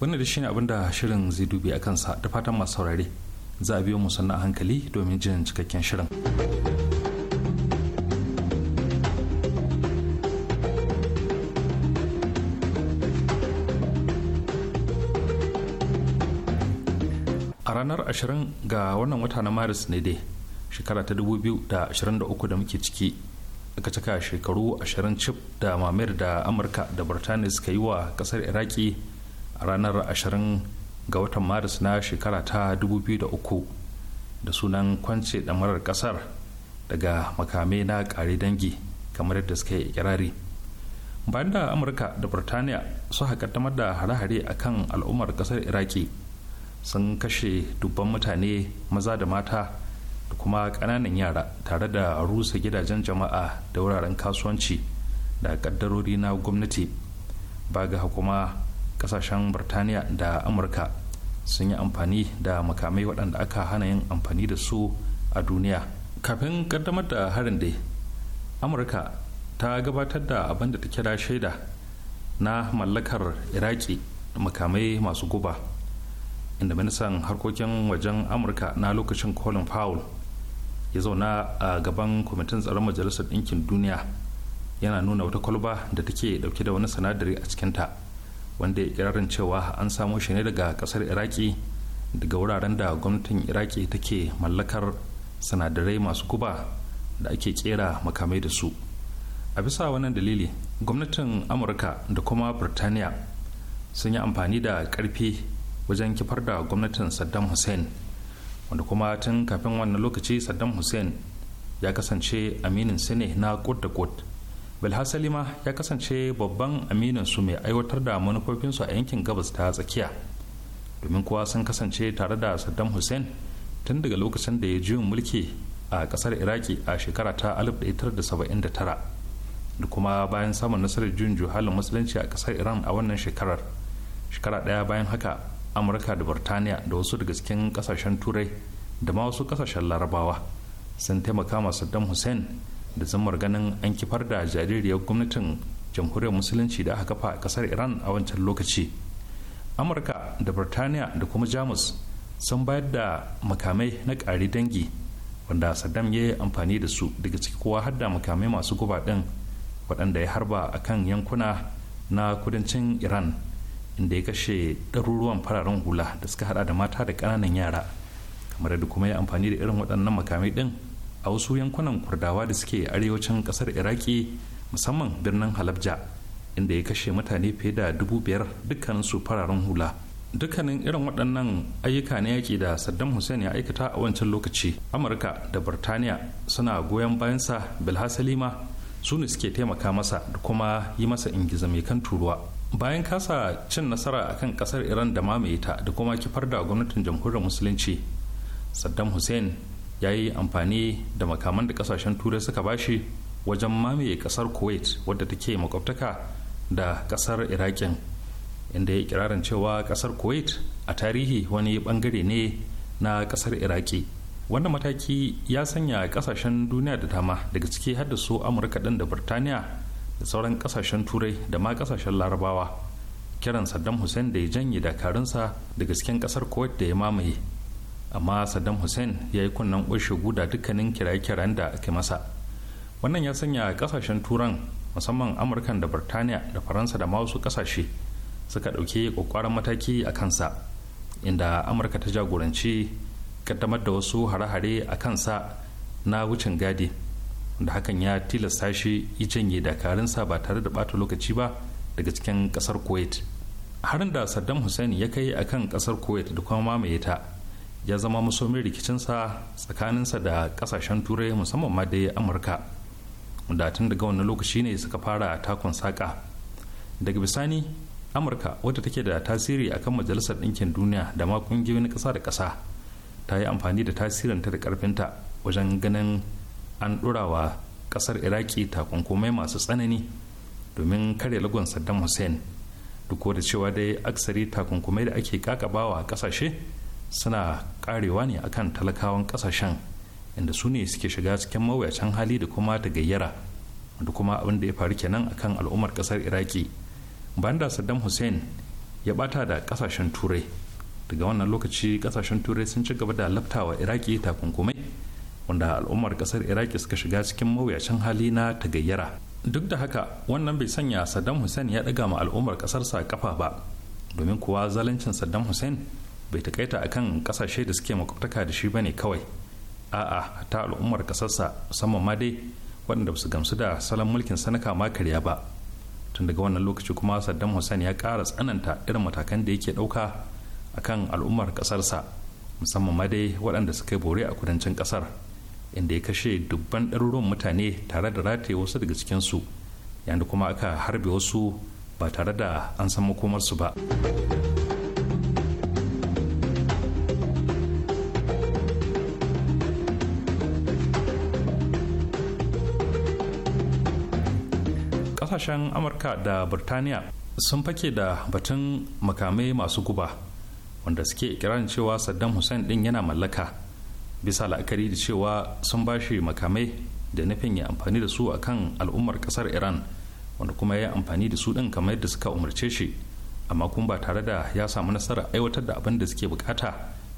wannan da shine abin da shirin zai dubi a kansa da fatan masu saurare za a biyo mu a hankali domin jin cikakken shirin. ranar 20 ga wannan wata na maris ne dai shekara ta 2023 da muke ciki aka cika shekaru 20 cif da mamir da amurka da birtaniya suka yi wa kasar iraki a ranar 20 ga watan maris na shekara ta 2003 da sunan kwance damarar kasar daga makamai na kare dangi kamar yadda suka yi kirari bayan da amurka da birtaniya suka kaddamar da hare-hare akan al'ummar kasar iraki sun kashe dubban mutane maza da mata da kuma ƙananan yara tare da rusa gidajen jama'a da wuraren kasuwanci da ƙaddarori na gwamnati ba ga kuma ƙasashen burtaniya da amurka sun yi amfani da makamai waɗanda aka hana yin amfani da su a duniya kafin ƙaddamar da harin dai amurka ta gabatar da abin da ta kira shaida na mallakar iraki makamai masu guba inda ministan harkokin wajen amurka na lokacin colin powell ya zauna a gaban kwamitin tsaron majalisar ɗinkin duniya yana nuna wata kwalba da take dauke da wani sinadari a cikinta wanda ya kirarin cewa an samo shi ne daga kasar iraki daga wuraren da gwamnatin iraki take mallakar sinadarai masu guba da ake kera makamai da su a bisa wannan dalili gwamnatin amurka da kuma birtaniya sun yi amfani da karfi wajen kifar da gwamnatin saddam hussein wanda kuma tun kafin wannan lokaci saddam hussein ya kasance aminin su ne na kut da kut bilhassali ma ya kasance babban aminin su mai aiwatar da manufofinsu a yankin gabas ta tsakiya domin kuwa sun kasance tare da saddam hussein tun daga lokacin da ya juyin mulki a kasar iraki a shekara ta 1979 da kuma bayan samun nasarar juyin juhalin musulunci a kasar iran a wannan shekarar shekara daya bayan haka amurka da burtaniya da wasu daga cikin kasashen turai da ma wasu kasashen larabawa sun taimaka ma saddam hussein da zamar ganin an kifar da jaririyar gwamnatin jamhuriyar musulunci da aka kafa a kasar iran a wancan lokaci amurka da burtaniya da kuma jamus sun bayar da makamai na ƙari dangi wanda saddam ya yi amfani da su daga ciki kowa har da makamai masu guba ɗin waɗanda ya harba a kan yankuna na kudancin iran inda ya kashe ɗaruruwan fararen hula da suka hada da mata da ƙananan yara kamar da kuma ya amfani da irin waɗannan makamai ɗin a wasu yankunan kurdawa da suke arewacin ƙasar iraki musamman birnin halabja inda ya kashe mutane fiye da dubu biyar dukkaninsu fararen hula dukkanin irin waɗannan ayyuka na yaƙi da saddam hussein ya aikata a wancan lokaci amurka da burtaniya suna goyon bayansa lima su ne suke taimaka masa da kuma yi masa ingiza mai kan turuwa bayan kasa cin nasara a kan kasar iran da mamaye ta da kuma kifar da gwamnatin jamhuriyar musulunci saddam hussein ya yi amfani da makaman da kasashen turai suka bashi wajen mamaye kasar kuwait wadda take makwabtaka da kasar iraƙin inda ya kirarin cewa kasar kuwait a tarihi wani bangare ne na kasar iraki wannan mataki ya sanya kasashen duniya da dama daga ciki har da su amurka din da birtaniya da sauran kasashen turai da ma kasashen larabawa kiran saddam hussein da ya janye dakarunsa da cikin kasar kuwait da ya mamaye amma saddam hussein ya yi kunnen ƙushigu guda dukkanin kiraye kiraye da ake masa wannan ya sanya kasashen turan musamman amurkan da birtaniya da faransa da ma wasu kasashe suka ɗauke ƙwaƙwaran mataki a kansa inda amurka ta jagoranci ƙaddamar da wasu hare-hare a kansa na wucin gadi da hakan ya tilasta shi ya janye dakarunsa ba tare da bata lokaci ba daga cikin ƙasar kuwait harin da saddam hussein ya kai a kan kasar kuwait da kuma mamaye ta ya zama musomin rikicinsa tsakaninsa da kasashen turai musamman ma dai amurka da tun daga wani lokaci ne suka fara takon saƙa daga bisani amurka wadda take da tasiri akan majalisar ɗinkin duniya da ma ƙungiyoyin ƙasa da ƙasa ta yi amfani da tasirinta da ƙarfinta wajen ganin an wa ƙasar iraki takunkumai masu tsanani domin kare lagon saddam hussein duk da cewa dai aksari takunkumai da ake kakabawa ƙasashe suna ƙarewa ne akan talakawan ƙasashen inda su ne suke shiga cikin mawuyacin hali da kuma ta gayyara da kuma abin da ya faru kenan akan al'ummar ƙasar iraki bayan da saddam hussein ya bata da ƙasashen turai daga wannan lokaci ƙasashen turai sun ci gaba da laftawa iraki takunkumai wanda al'ummar kasar iraki suka shiga cikin mawuyacin hali na tagayyara duk da haka wannan bai sanya saddam hussein ya daga ma al'ummar kasarsa kafa ba domin kuwa zaluncin saddam hussein bai takaita akan kasashe da suke makwabtaka da shi bane kawai a'a ta al'ummar kasarsa musamman ma dai waɗanda su gamsu da salon mulkin sanaka ma karya ba tun daga wannan lokaci kuma saddam hussein ya ƙara tsananta irin matakan da yake ɗauka akan al'ummar kasarsa musamman ma dai waɗanda suka yi bore a kudancin kasar inda ya kashe dubban ɗaruruwan mutane tare da rataye wasu daga cikinsu yadda kuma aka harbe wasu ba tare da an san makomarsu ba ƙasashen amurka da birtaniya sun fake da batun makamai masu guba wanda suke kiran cewa saddam hussein din yana mallaka bisa la'akari da cewa sun ba shi makamai da nufin ya amfani da su akan al'ummar kasar iran wanda kuma ya amfani da su din kamar yadda suka umarce shi amma kuma ba tare da ya samu nasara aiwatar da abin da suke bukata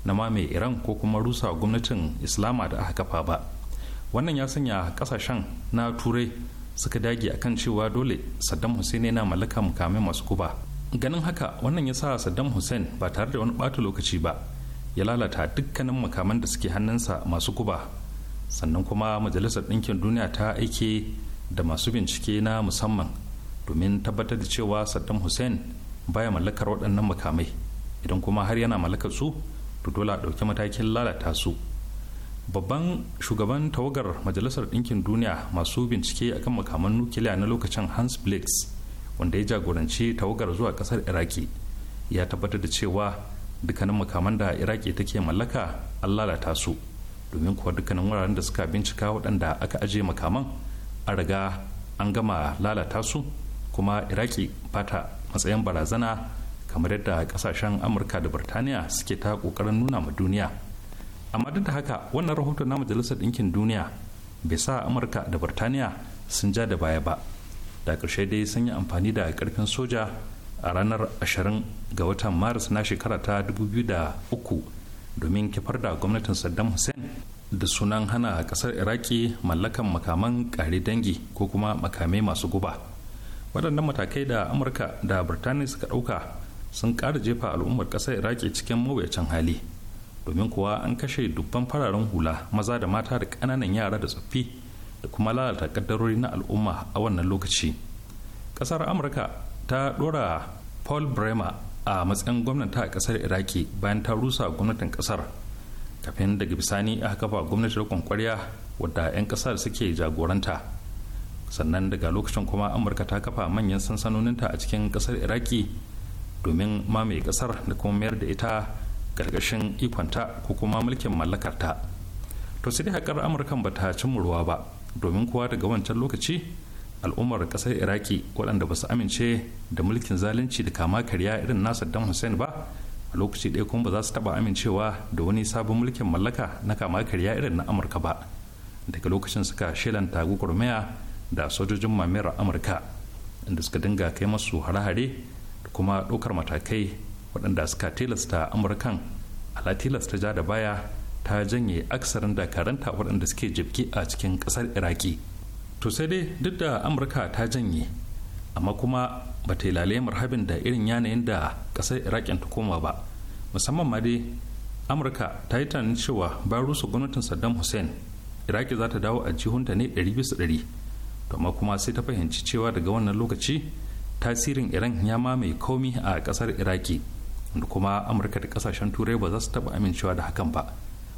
na mamaye iran ko kuma rusa gwamnatin islama da aka kafa ba wannan ya sanya kasashen na turai suka dage akan cewa dole saddam hussein yana mallaka mukamai masu guba ganin haka wannan ya sa saddam hussein ba tare da wani bata lokaci ba ya lalata dukkanin makaman da suke hannunsa masu guba sannan kuma majalisar ɗinkin duniya ta aike da masu bincike na musamman domin tabbatar da cewa saddam hussein baya mallakar waɗannan makamai idan kuma har yana mallakar su to dole a ɗauki matakin lalata su babban shugaban tawagar majalisar ɗinkin duniya masu bincike akan makaman nukiliya na lokacin hans blakes wanda ya jagoranci tawagar zuwa ƙasar iraki ya tabbatar da cewa dukkanin makaman da iraki take mallaka an lalata su domin kuwa dukkanin wuraren da suka bincika waɗanda aka aje makaman a riga an gama lalata su kuma iraki fata matsayin barazana kamar yadda kasashen amurka da birtaniya suke ta kokarin nuna ma duniya amma duk da haka wannan rahoton na majalisar ɗinkin duniya bai sa amurka da birtaniya sun ja da baya ba da ƙarshe dai sun yi amfani da ƙarfin soja a ranar 20 ga watan maris na shekara ta 2003 domin kifar da gwamnatin saddam hussein da sunan hana kasar iraki mallakan makaman kare dangi ko kuma makamai masu guba waɗannan matakai da amurka da birtaniya suka ɗauka sun ƙara jefa al'ummar ƙasar iraki cikin mawuyacin hali domin kuwa an kashe dubban fararen hula maza da mata da ƙananan yara da tsoffi da kuma lalata ƙaddarori na al'umma a wannan lokaci ƙasar amurka ta dora paul bremer a matsayin gwamnati a kasar iraki bayan ta rusa gwamnatin kasar kafin daga bisani aka kafa gwamnatin rikon kwarya wadda 'yan kasar suke jagoranta sannan daga lokacin kuma amurka ta kafa manyan sansanoninta a cikin kasar iraki domin mamaye kasar da kuma mayar da ita gargashin ikonta ko kuma mulkin mallakarta to sai dai haƙar amurkan ba ta cin ruwa ba domin kuwa daga wancan lokaci al'ummar kasar iraki waɗanda ba su amince da mulkin zalunci da kama karya irin na saddam hussein ba a lokaci ɗaya kuma ba za su taɓa amincewa da wani sabon mulkin mallaka na kama karya irin na amurka ba daga lokacin suka shelanta gugurmaya da sojojin mamayar amurka inda suka dinga kai masu hare-hare da kuma ɗaukar matakai waɗanda suka tilasta amurkan ala tilasta ja da baya ta janye aksarin dakaranta waɗanda suke jibki a cikin ƙasar iraki to sai dai duk da amurka ta janye amma kuma ba ta lalaye marhabin da irin yanayin da ƙasar iraƙin ta koma ba musamman ma dai amurka ta yi tunanin cewa ba rusa gwamnatin saddam hussein iraki za ta dawo a jihunta ne 100 to amma kuma sai ta fahimci cewa daga wannan lokaci tasirin iran ya ma mai komi a ƙasar iraki wanda kuma amurka da ƙasashen turai ba za su taba amincewa da hakan ba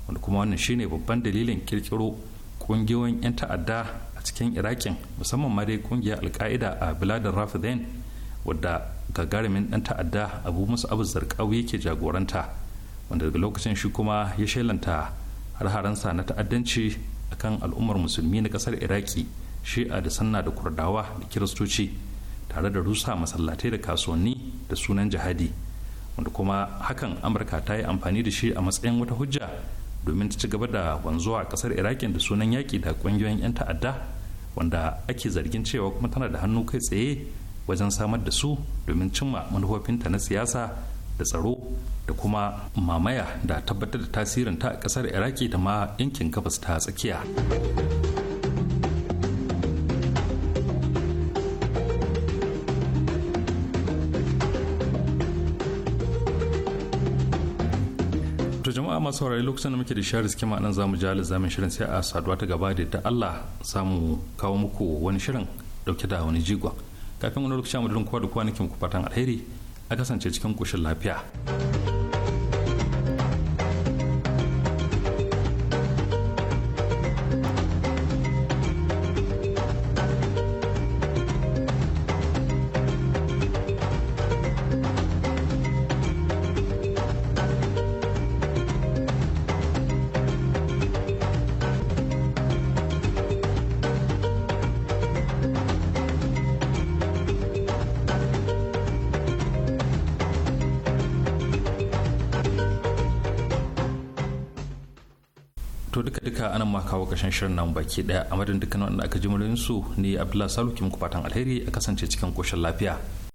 wanda kuma wannan shine babban dalilin kirkiro ƙungiyoyin 'yan ta'adda cikin irakin musamman ma dai kungiyar alka'ida a biladar rafidain wadda gagarumin dan ta'adda abu musu abu zarkawi yake jagoranta wanda daga lokacin shi kuma ya shelanta harharansa na ta'addanci akan al'ummar musulmi na kasar shi a da sanna da kurdawa da kiristoci tare da rusa masallatai da kasuwanni da sunan jihadi wanda kuma hakan amurka ta yi amfani da shi a matsayin wata hujja domin ta ci gaba da wanzuwa a kasar irakin da sunan yaƙi da ƙungiyoyin 'yan ta'adda wanda ake zargin cewa kuma tana da hannu kai tsaye wajen samar da su domin cimma manufofinta na siyasa da tsaro da kuma mamaya da tabbatar da tasirinta a ƙasar iraki da ma yankin gabas ta tsakiya. to jama'a masu saurari lokacin da muke da share suke nan za mu ji alizamin shirin sai a saduwa ta gaba da ta Allah samu kawo muku wani shirin dauke da wani jigon kafin wani lokacin mu da kowa da kowa nake muku fatan alheri a kasance cikin koshin lafiya. karshen shirin nan baki daya a madadin dukkan wanda aka ji su ne abdullahi salu ke muku fatan alheri a kasance cikin koshin lafiya